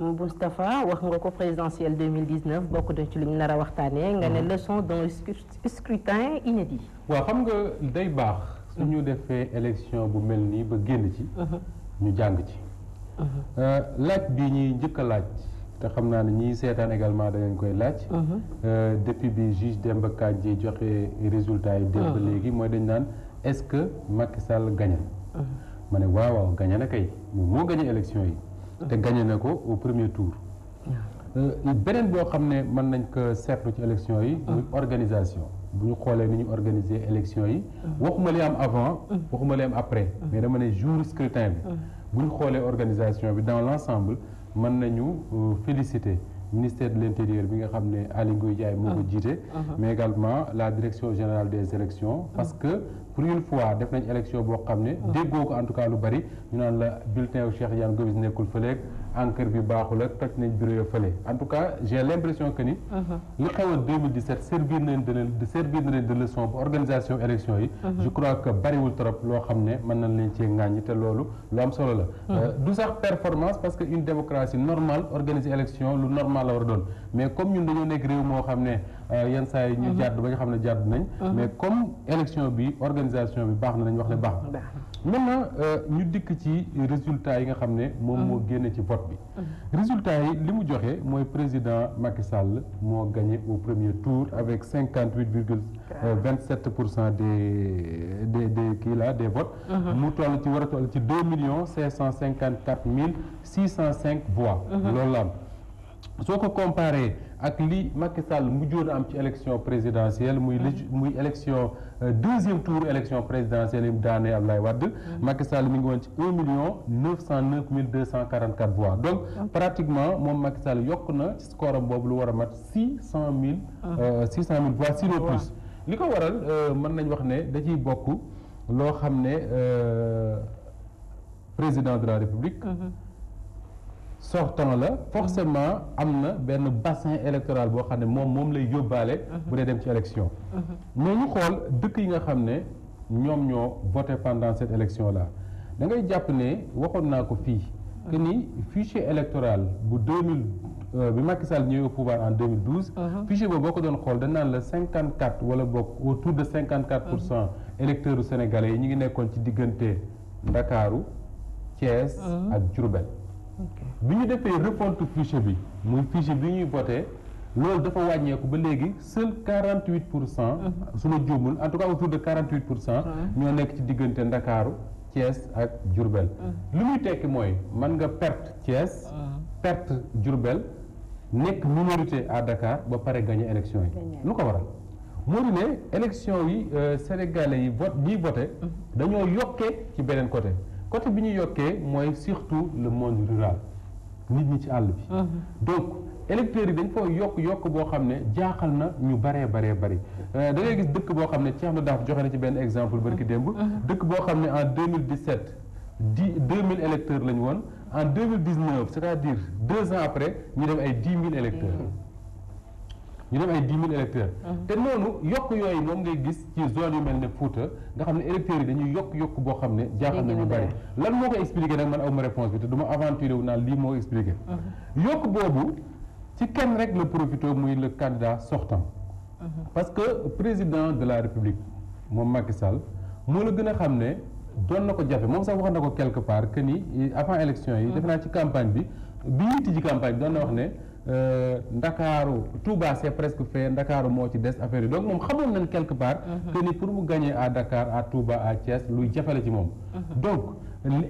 Moustapha wax nga ko présidentielle 2019 bokk na ci lu ñu nar a waxtaanee nga ne mhm. leçon d'un scrutin inédit. waa xam nga day baax. su ñu mhm. defee élection bu mel nii ba génn ci. Mhm. ñu jàng ci. Euh, laaj bi ñuy njëkk laaj. te xam naa ne ñiy seetaan également da ngeen koy laaj. Euh, depuis bi juge Demba Kandji joxe résultat yi. démb léegi mooy dañ naan est-ce que Macky Sall gagné. ma ne waaw waaw gagné na kay moo gagné élection yi. te gagné na ko au premier tour. Euh, beneen boo xam ne mën nañ ko seetlu ci élection yi. Ah. muy organisation bu ñu xoolee ni ñu organiser élection yi. Ah. waxuma li am avant. Ah. waxuma li am après. mais dama ne jour scrutin bi. bu ñu xoolee organisation bi dans l' ensemble mën nañu euh, féliciter. ministère de l' bi nga xam ne Aly Ngouille Ndiaye moo ko ah, jiite ah. mais également la direction générale des élections ah. parce que pour une fois def nañ élection boo xam ne déggoo ko en tout cas lu bari ñu naan la bulletin yu Cheikh Yane Gomis nekkul fëleeg encre bi baaxul toj nañ bureau ya fële en tout cas j'ai l'impression que ni uh-huh. li xewoon 2017 servir nañ de de de leçon bu organisation élection yi uh-huh. je crois que bariwul trop loo xam ne mën nañ leen cee ŋàññi te loolu lu am solo la uh-huh. euh, du sax performance parce que une démocratie normale organiser élection lu normal la war a doon mais comme ñun dañoo nekk réew moo xam ne Euh, yenn saa yi ñu mhm. jàdd ba nga xam ne jàdd nañ mhm. mais comme élection bi organisation bi baax na nañ wax ne baax na maintenant euh, ñu dikk ci résultat yi nga xam ne moom moo mhm. génne ci vote bi résultat yi li mu joxe mooy président Macky Sall moo gagné au premier tour avec cinquante huit virgule euh, vingt sept pour cent des des des kii là des votes mu toll ci war a toll ci deux millions cinq cent cinquante quatre mille six cent cinq voix loolu la soo ko comparé ak li Macky Sall mujjoon am ci élection présidentielle muy mm-hmm. muy élection euh, deuxième tour élection présidentielle yi mu daanee Abdoulaye Wade mm-hmm. Macky Sall mi ngi woon ci un million neuf cent neuf mille deux cent quarante quatre voix donc pratiquement moom Macky Sall yokk na ci score boobu lu war a mat six cent mille ah. euh, six cent mille voix sinon plus li ko waral euh, mën nañ wax ne da bokk loo xam ne président de la République mm-hmm. sortant la forcément am na benn bassin électoral boo xam ne moom moom lay yóbbaale. Mhm. bu dee dem ci élection. Mhm. mais xool dëkk yi nga xam ne ñoom ñoo voté pendant cette élection là da ngay jàpp ne waxoon naa ko fii. que mhm. ni fichier électoral bu 2000 euh, bi Macky Sall ñëwee au pouvoir en 2012. fichier boobu boo ko doon xool dañ naan la 54 wala boog autour de 54 pour cent électeurs sénégalais yi ñu ngi nekkoon ci diggante Ndakaaru Thiès ak Diourbel. bi ñu defee refonte fichier bi muy fichier bi ñuy voté loolu dafa wàññeeku ba léegi seul 48 pour cent. Mhm. su ma juumul en tout cas autour de 48 pour cent. ñoo nekk ci diggante Ndakaaru Thiès ak Diourbel. Mhm. li muy tekki mooy man nga perte Thiès. perte Diourbel nekk minorité à Dakar ba pare gagné élection yi. lu ko waral moo di ne élection yi euh, sénégalais yi vote ñiy voté. Mhm. dañoo yokkee ci beneen côté. côté bi ñu yokkee mooy surtout le monde rural nit ñi ci àll bi donc électeurs yi dañ koo yokk yokk boo xam ne jaaxal na ñu baree baree bari euh, da ngay gis dëkk boo xam ne ceex Thierno Daaf joxe na ci benn exemple barki démb dëkk boo xam ne en 2017 di 2000 électeurs lañu woon en 2019 c'est-à-dire deux ans après ñu dem ay 10 mille électeurs mmh. ñu dem ay dix mille électeurs te noonu yokk yooyu moom ngay gis ci zone yu mel ne Fouta nga xam ne électeurs yi dañuy yokk yokk boo xam ne jaaxal nañu bëri lan moo ko expliqué nag man awma réponse bi te du ma aventuré wu naan lii moo expliqué yokk boobu ci kenn rek la profité muy le candidat sortant parce que président de la république moom Macky Sall moo la gën a xam ne doon na ko jafe moom sax wax na ko quelque part que ni avant élection yi defe naa ci campagne bi bi ñuy campagne doon na wax ne Euh, Ndakaaru Touba c'est presque fait Ndakaaru moo ci des affaire yi donc moom xamoon nañ quelque part mhm. que ni pour mu gañee à Dakar à Touba à Thiès luy jafale ci moom mhm. donc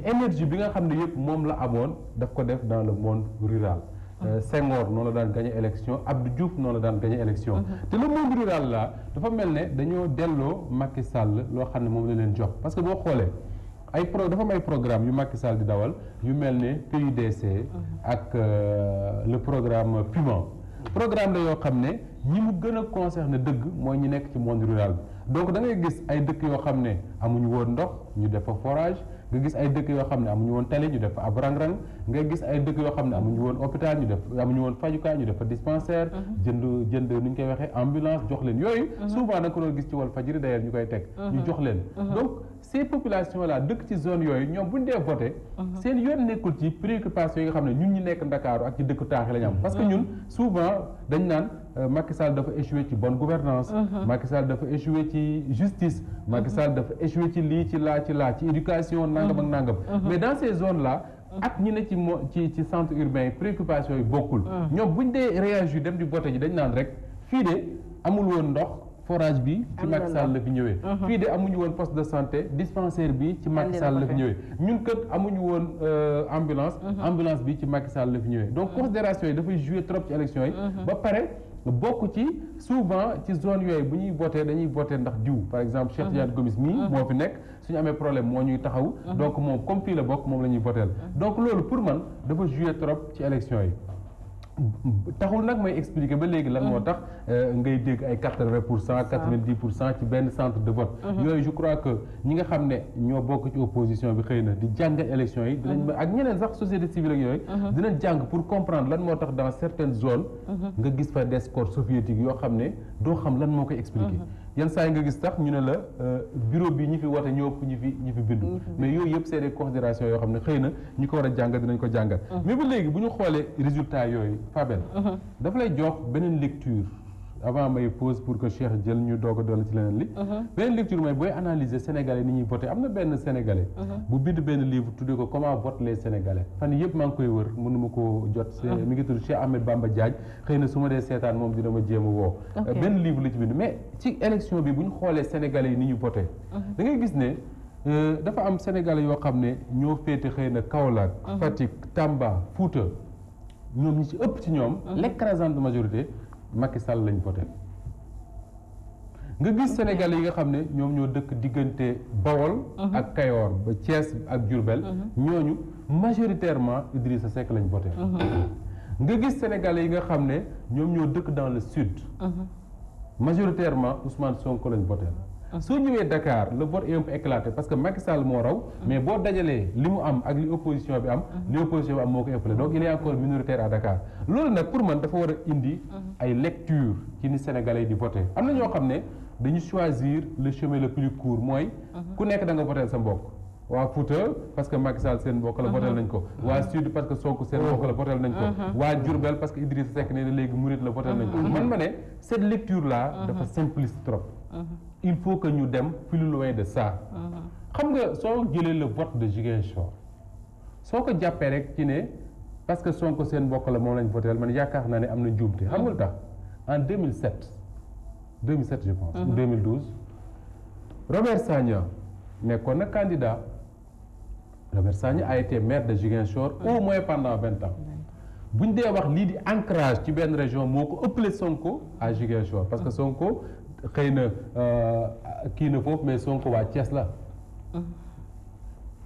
énergie bi nga xam ne yëpp moom la amoon daf ko def dans le monde rural mhm. euh, Senghor noonu la daan gagné élection Abdou Diouf noonu la daan gagné élection te le monde rural là dafa mel ne dañoo delloo Macky Sall loo xam ne moom la leen jox parce que boo xoolee ay pro dafa am ay programme yu Macky Sall di dawal yu mel ne PUDC. Uh-huh. ak euh, le programme PUMA. programme la yoo xam ne ñi mu gën a concerné dëgg mooy ñi nekk ci monde rural bi donc da ngay gis ay dëkk yoo xam ne amuñu woon ndox ñu def fa forage nga gis ay dëkk yoo xam ne amuñu woon tali ñu def fa ab rang-rang nga gis ay dëkk yoo xam ne amuñu woon hôpital ñu def amuñu woon fajukaay ñu def fa dispensaire. Uh-huh. jënd jënd nu ñu koy waxee ambulance jox leen yooyu. Uh-huh. souvent da nga gis ci wàllu fajiri d'ailleurs ñu koy teg. ñu jox leen donc. ces populations là dëkk ci zone yooyu ñoom bu ñu dee voté uh-huh. seen yoon nekkul ci préoccupation yi nga xam ne ñun ñi nekk Ndakaaru ak ci dëkk taaxi la am uh-huh. parce que ñun souvent dañ naan euh, Macky Sall dafa échoué ci bonne gouvernance uh-huh. Macky Sall dafa échoué ci justice Macky Sall dafa échoué ci lii ci laa ci laa ci éducation nangam ak nangam mais dans ces zones là ak ñi ne ci mo ci ci centre urbain yi préoccupation yi bokkul ñoom ñu dee réagir dem di voté ji dañ naan rek fii de amul woon ndox forage bi ci Macky Sall la fi ñëwee uh-huh. fii de amuñu woon poste de santé dispensaire bi ci Macky Sall la fi ñëwee ñun kat amuñu woon euh, ambulance uh-huh. ambulance bi ci Macky Sall la fi ñëwee donc uh-huh. considération yi dafay jouer trop ci élection yi ba pare bokk ci souvent ci zone yooyu bu ñuy voté dañuy voté ndax diw par exemple Cheikh Tidiane Gomis mii moo fi nekk suñu amee problème moo ñuy taxaw donc moom comme fii la bokk moom la ñuy voté donc loolu pour man dafa jouer trop ci élection yi taxul nag may expliquer ba léegi lan moo mm. tax euh, ngay dégg ay quatre-vingt pour cent ah. quatre-vingt-dix pour cent ci benn centre de vote mm-hmm. yooyu je crois que ñi nga xam ne ñoo bokk ci opposition bi xëy na di jàng élection yi dinañ ma mm-hmm. ak ñeneen sax société civile ak yooyu mm-hmm. dina jàng pour comprendre lan moo tax dans certaines zones nga gis fa des corps soviétiques yoo xam ne doo xam lan moo koy expliquer yenn saa yi nga gis tax ñu ne la euh, bureau bi ñi fi woote ñoo ëpp ñi fi ñi fi bindu mm-hmm. mais yooyu yëpp c'est des considérations yoo xam ne xëy na ñi ko war a jàngal dinañ ko jàngal mm-hmm. mais ba léegi bu ñu xoolee résultat yooyu Fabel mm-hmm. dafa lay jox beneen lecture avant may pause pour que Cheikh jël ñu doog a doon ci leneen li uh-huh. beneen lecture mooy booy analyser sénégalais ni ñuy voté am na benn sénégalais uh-huh. bu bind benn livre tuddee ko comment votent les sénégalais fan yëpp maa ngi koy wër mënu ma ko jot uh-huh. mi ngi tudd Cheikh Ahmed Bamba Diagne xëy na su ma dee seetaan moom dina ma jéem woo euh, benn livre la ci bind mais ci élection bi bu ñu xoolee sénégalais yi ni ñu voté da ngay gis ne euh, dafa am sénégalais yoo xam ne ñoo féete xëy na Kaolack Fatick Tamba Fouta ñoom ñi ci ëpp ci ñoom l'écrasante majorité Macky Sall lañ voté nga gis Sénégal yi nga xam ne ñoom ñoo dëkk diggante Bawol mhm. ak Kayoor ba Thiès ak Diourbel mhm. ñooñu majoritairement Idrissa Seck lañ voté mhm. nga gis Sénégal yi nga xam ne ñoom ñoo dëkk dans le sud majoritairement Ousmane sonk lañ voté soo ñëwee dakaar le vote est parce que Macky Sall moo raw mais boo dajalee li mu am ak li opposition bi am li opposition bi am moo ko ëppale donc il est encore minoritaire à Dakar loolu nag pour man dafa war a indi ay lecture ci ni Sénégalais di voté am na ñoo xam ne dañu choisir le chemin le plus court mooy ku nekk da nga voté sa mbokk waa Fouta parce que Macky Sall seen mbokk la votel nañ ko waa Sud parce que Sonko seen mbokk la votel nañ ko waa Diourbel parce que Idrissa Seck ne léegi Mouride la votel nañ ko man ma ne cette lecture là dafa simpliste trop Uh-huh. il faut que ñu dem plus loin de ça. Uh-huh. xam nga soo jëlee le vote de Ziguinchor soo ko jàppee rek ci ne parce que son Sonko seen mbokk la moom lañ voteel man yaakaar naa ne am na njuumte xam nga lu tax uh-huh. en 2007 2007 je pense. ou 2012 Robert Sagna nekkoon na candidat Robert Sagna a été maire de Ziguinchor au moins pendant vingt ans. bu ñu dee wax lii di ancrage ci benn région moo ko ëppale Sonko à Ziguinchor parce que Sonko xëy na euh, kii na foofu mais sonk waa cees la. Mm-hmm.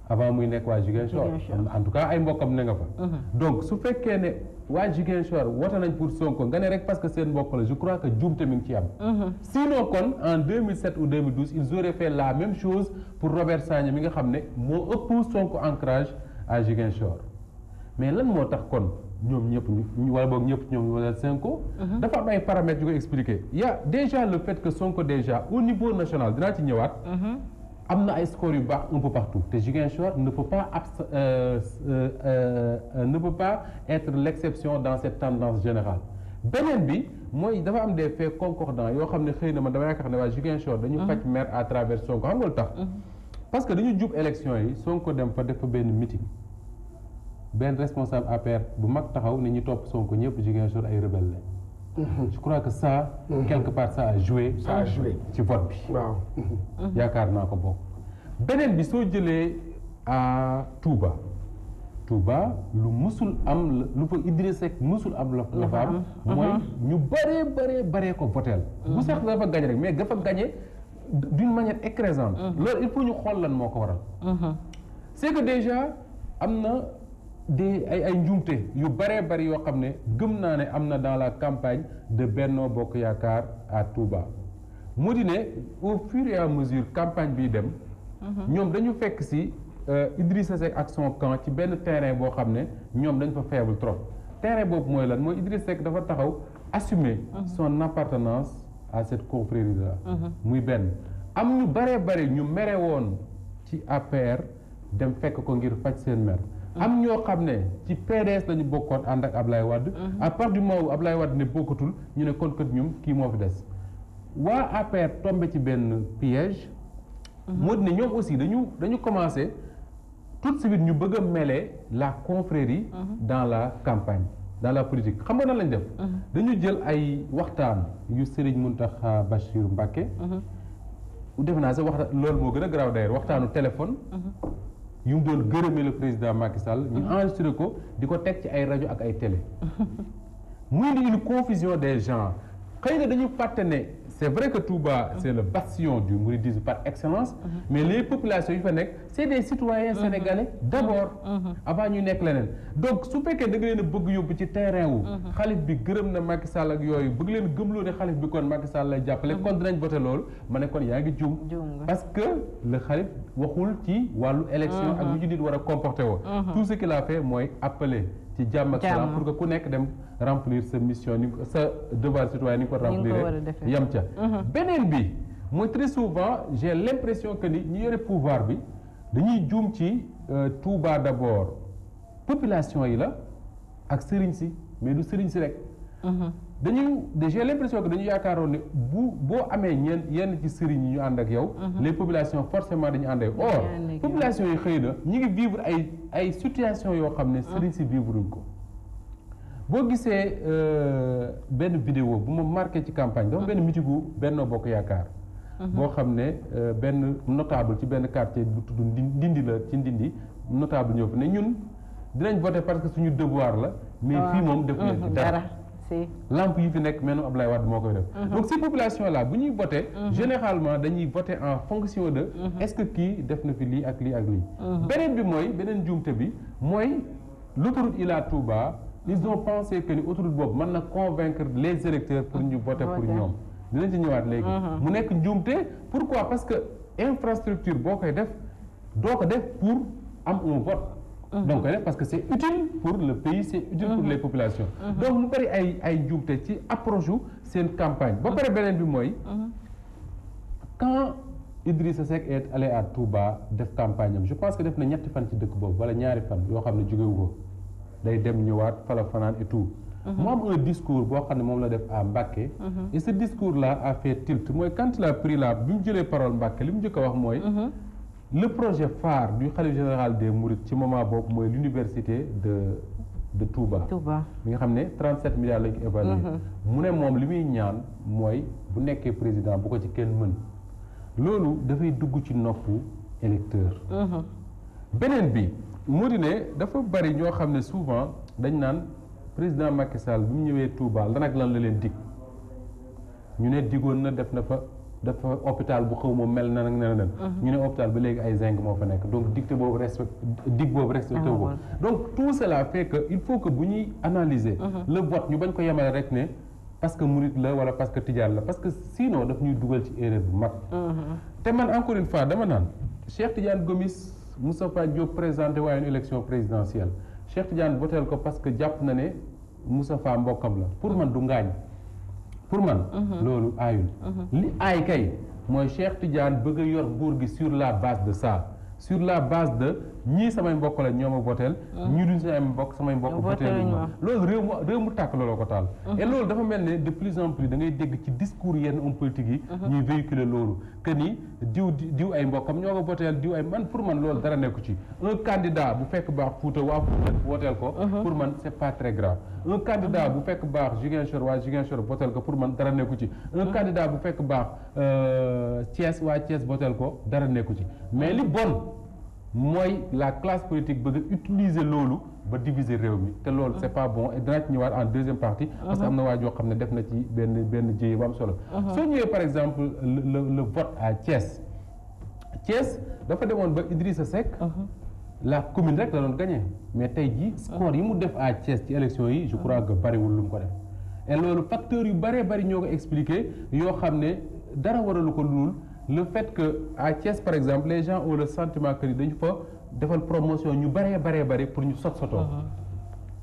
avant muy nekk waa Ziguinchor. en tout cas ay mbokkam ne nga fa. Mm-hmm. donc su fekkee ne waa Ziguinchor wote nañ pour Sonko nga ne rek parce que seen mbokk la je crois que juum tamit ci am. Mm-hmm. sinon kon en 2007 ou 2012 ils auraient fait la même chose pour Robert Sagna mi nga xam ne moo ëpp Sonko ancrage à Ziguinchor mais lan moo tax kon. ñoom ñëpp ñu wala boog ñëpp ñoom wala Sonko. Mhm. dafa am ay paramètres yu ko expliquer y a déjà le fait que Sonko déjà au niveau national dinaa ci ñëwaat. Mhm. am na ay scores yu baax un peu partout te Ziguinchor ne peut pas abs euh, euh, euh, ne peut pas être l'exception dans cette tendance général beneen bi mooy dafa am des faits concordants yoo xam ne xëy na man dama yaakaar ne waa Ziguinchor dañu mhm. faj maire à travers Sonko xam nga lu tax parce que dañu jub élection yi Sonko dem fa def fa benn meeting benn responsable APR bu mag taxaw ne ñu topp Sonko ñëpp Ziguinchor ay rebelle lañ. Mhm. je crois que ça. Mhm. quelque part ça a joué. ça ci vote bi. waaw. Mhm. yaakaar naa ko bokk. beneen bi soo jëlee à Touba. Touba lu musul am lu fa Idriss Seck musul am la la fa am mooy ñu bëree bare bëree ko voteel bu sax dafa gañe rek mais dafa gañe d'une manière écrasante loolu il faut ñu xool lan moo ko waral c'est que déjà am na des ay ay njuumte yu bëree bëri yoo xam ne gëm naa ne am na dans la campagne de Benno Bokk Yaakaar à Touba mu di ne au fur et à mesure campagne bi dem. Mhm. ñoom dañu fekk si euh, Idrissa Seck ak son camp ci benn terrain boo xam ne ñoom dañ fa faible trop terrain boobu mooy lan mooy Idrissa Seck dafa taxaw assumer. Mhm. son appartenance à cette confrérie là. Mhm. muy benn am ñu bëree bëri ñu mere woon ci APR dem fekk ko ngir faj seen mer. am ñoo xam ne ci PDS lañu bokkoon ànd ak Ablaye Wade. Mhm. à partir du moment où Ablaye Wade ne bokkatul ñu ne kon kat ñum kii moo fi des. waa APR tombé ci benn piège. Mhm. moo di ñoom aussi dañu dañu commencé tout de suite ñu bëgg a mêler la confrérie. Mhm. dans la campagne dans la politique xam nga nan lañ def. dañu jël ay waxtaan yu Serigne Mountakha Bachir Mbacké. defe naa sax wax loolu moo gën a garaaw d'ailleurs waxtaanu téléphone. yu mu doon gërëmee le président Macky Sall. ñu mm-hmm. ko di ko teg ci ay rajo ak ay télé. Mm-hmm. muy indi une confusion des gens xëy na dañu fàtte c'est vrai que Touba c'est le bastion du mouridisme par excellence mhm. Mhm. mais les populations yu fa nekk c'est des citoyens mhm. sénégalais d'abord avant ñu nekk leneen donc su fekkee danga leen a bëgg yóbbu ci terrain wu xalif bi gërëm na Macky Sall ak yooyu bëgg leen gëmloo ne xalif bi kon Macky Sall lay jàppale kon dinañ voté loolu ma ne kon yaa ngi jum parce que le xalif waxul ci wàllu élection ak lu ci nit war a comporté woo tout ce qu'il a fait mooy appeler ci jàmm ak salaam pour que ku nekk dem remplir sa mission ni sa devoir citoyen ni nga ko remplir yam ca mhm. beneen bi mooy très souvent j'ai l'impression que ni ñu yore pouvoir bi dañuy juum ci euh, Touba d'abord population yi la ak sëriñ si mais du sëriñ si rek mhm. dañuy j'ai l'impression que dañu yaakaaroon ne bu boo amee ñeen yenn ci sëriñ yi ñu ànd ak yow mhm. les populations forcément dañu ànd ak yow or population yi xëy na ñu ngi vivre ay ay situation yoo xam ne mhm. sëriñ si vivre ko boo gisee euh, benn vidéo bu ma marqué ci campagne dafa mhm. benn mitigu Benno Bokk Yaakaar boo xam ne euh, benn notable ci benn quartier bu tudd Ndindi la ci Ndindi notable ñëw fa ne ñun dinañ voter parce que suñu devoir la mais fii moom def leen dara lampe yi fi nekk meenu Ablaye Wade moo koy def mhm. donc ces populations bu ñuy voté mhm. généralement dañuy voté en fonction de mhm. est-ce que kii def na fi lii ak lii ak lii beneen bi mooy beneen juumte bi mooy l'autoroute Ila Touba ils ont pensé que ni autoroute boobu mën na convaincre les électeurs pour ñu voté pour ñoom dinañ ci ñëwaat léegi mu nekk njuumte pourquoi parce que infrastructure boo koy def doo ko def pour am un vote Mm-hmm. donc euh, parce que c'est utile pour le pays c'est utile pour les mm-hmm. population mm-hmm. donc mu bëri ay ay ci approche u seen campagne ba pare beneen bi mooy quand Idrissa Seck est allé à Touba def campagne je pense que def na ñetti fan ci dëkk boobu wala ñaari fan yoo xam ne jógewu ko day dem ñëwaat fala fanaan et tout mu am un discours boo xam ne moom la def à Mbacké et ce discours là a fait tilt mooy quand il a pris la bi mu jëlee parole Mbacké li mu njëkk a wax mooy le projet phare du khalife général des Mourides ci moment boobu mooy l'université de de Touba. Touba mi nga xam ne trent milliards lañ ko évalué. Mhm. mu ne moom li muy ñaan mooy bu nekkee président bu ko ci kenn mën loolu dafay dugg ci noppu électeur. Mhm. beneen bi moo di ne dafa bari ñoo xam ne souvent dañ naan président Macky Sall bi mu ñëwee Touba la nag lan la leen dig ñu ne digoon na def na fa. dafa hôpital bu xaw ma mel na nag ne na mhm. ñu ne hôpital ba léegi ay zinc moo fa nekk donc dicté boobu respect dig boobu respecté wu ko ah, donc tout cela fait que il faut que bu ñuy analyser mhm. le vote ñu bañ ko yemale rek ne parce que murit la wala parce que tijaan la parce que sinon daf ñuy dugal ci erreur bu mag mhm. te man encore une fois dama naan Cheikh Tidiane Gomis Moustapha Diop présenté waaye une élection présidentielle Cheikh Tidiane voteel ko parce que jàpp na ne Moustapha mbokkam la pour man du ngaañ pour man mhm. loolu aayul mhm. li aay kay mooy Cheikh Tidiane bëgg yor nguur gi sur la base de ça sur la base de ñii samay mbokk la ñoo ma voteel ah. ñii duñ samay mbokk samay mbokk voteel ma loolu réew mu réew mu tàkk looloo ko taal uh-huh. et loolu dafa mel ne de plus en plus da ngay dégg ci discours yenn homme politique yi uh-huh. ñuy véhiculer loolu que ni diw diw ay mbokkam ñoo ko voteel diw ay man pour man loolu dara nekku ci un candidat bu fekk baax Fuuta waa Fuuta ko uh-huh. pour man c'est pas très grave un candidat bu fekk baax Ziguinchor waa Ziguinchor voteel ko pour man dara nekku ci un candidat bu fekk baax euh, Thiès waa Thiès voteel ko dara nekku ci mooy la classe politique ba a utiliser loolu ba diviser réew mi te loolu c'est pas bon et dinaa ci ñëwaat en deuxième partie uh-huh. parce que am na waa joo xam ne def na ci benn benn jéye bu am solo uh-huh. soo ñëwee par exemple la le vote à Thiès Thiès dafa demoon ba Idrissa Seck uh-huh. la commune rek la doon gagné mais tey jii score yi mu def à Thiès ci élection yi je crois que bariwul lu mu ko def loolu facteurs yu bëree bëri ñoo ko expliqué yoo xam ne dara waralu ko lul le fait que à Thiès par exemple les gens ont le sentiment que dañu fa defal promotion ñu bëree bëree bëri pour ñu sot sotoo uh-huh.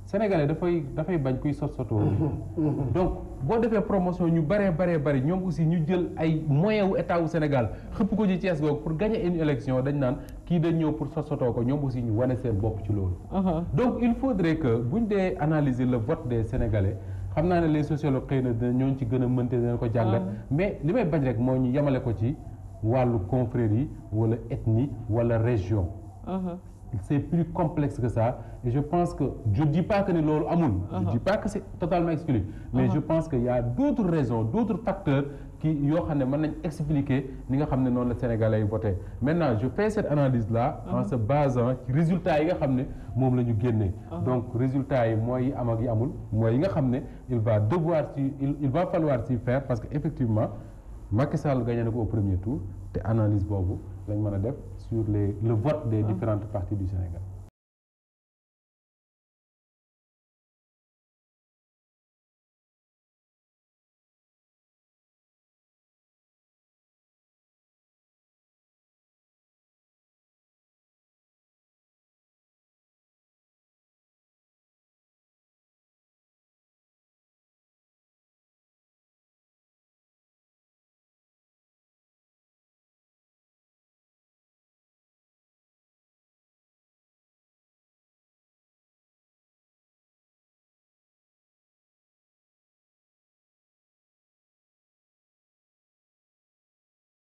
sénégalais dafay dafay bañ kuy sot sotoo uh-huh. donc boo defee promotion ñu bëree bëree bëri ñoom aussi ñu jël ay moyen wu état wu Sénégal xëpp ko ci Thiès googu pour gagner une dañ naan kii dañ ñëw pour sot sotoo ko ñoom aussi ñu wane seen bopp ci loolu uh-huh. donc il faudrait que buñ dee analyser le vote des sénégalais xam naa ne les sociologues xëy na dina ñooñu ci gën a mënte dina ko jàngat mais li may bañ rek moo ñu yemale ko ci wàllu confrérie wala ethnie wala région uh-huh. c'est plus complexe que ça je pense que je dis pas que ne loolu amul je uh-huh. dis pas que totalement exclu mais uh-huh. je pense que y a d'autres raisons d'autres facteurs qui yoo xam ne mën nañ expliquer ni nga xam ne noonu la Sénégalais yi voté maintenant je fais cette analyse là en se basant ci résultat yi nga xam ne moom la ñu génnee donc résultat yi mooy yi am ak yi amul mooy yi nga xam ne il va devoir s'y il va falloir s'y faire parce que effectivement Macky Sall na ko au premier tour te analyse boobu lañ mën a def sur les le vote des ah. différentes parties du Sénégal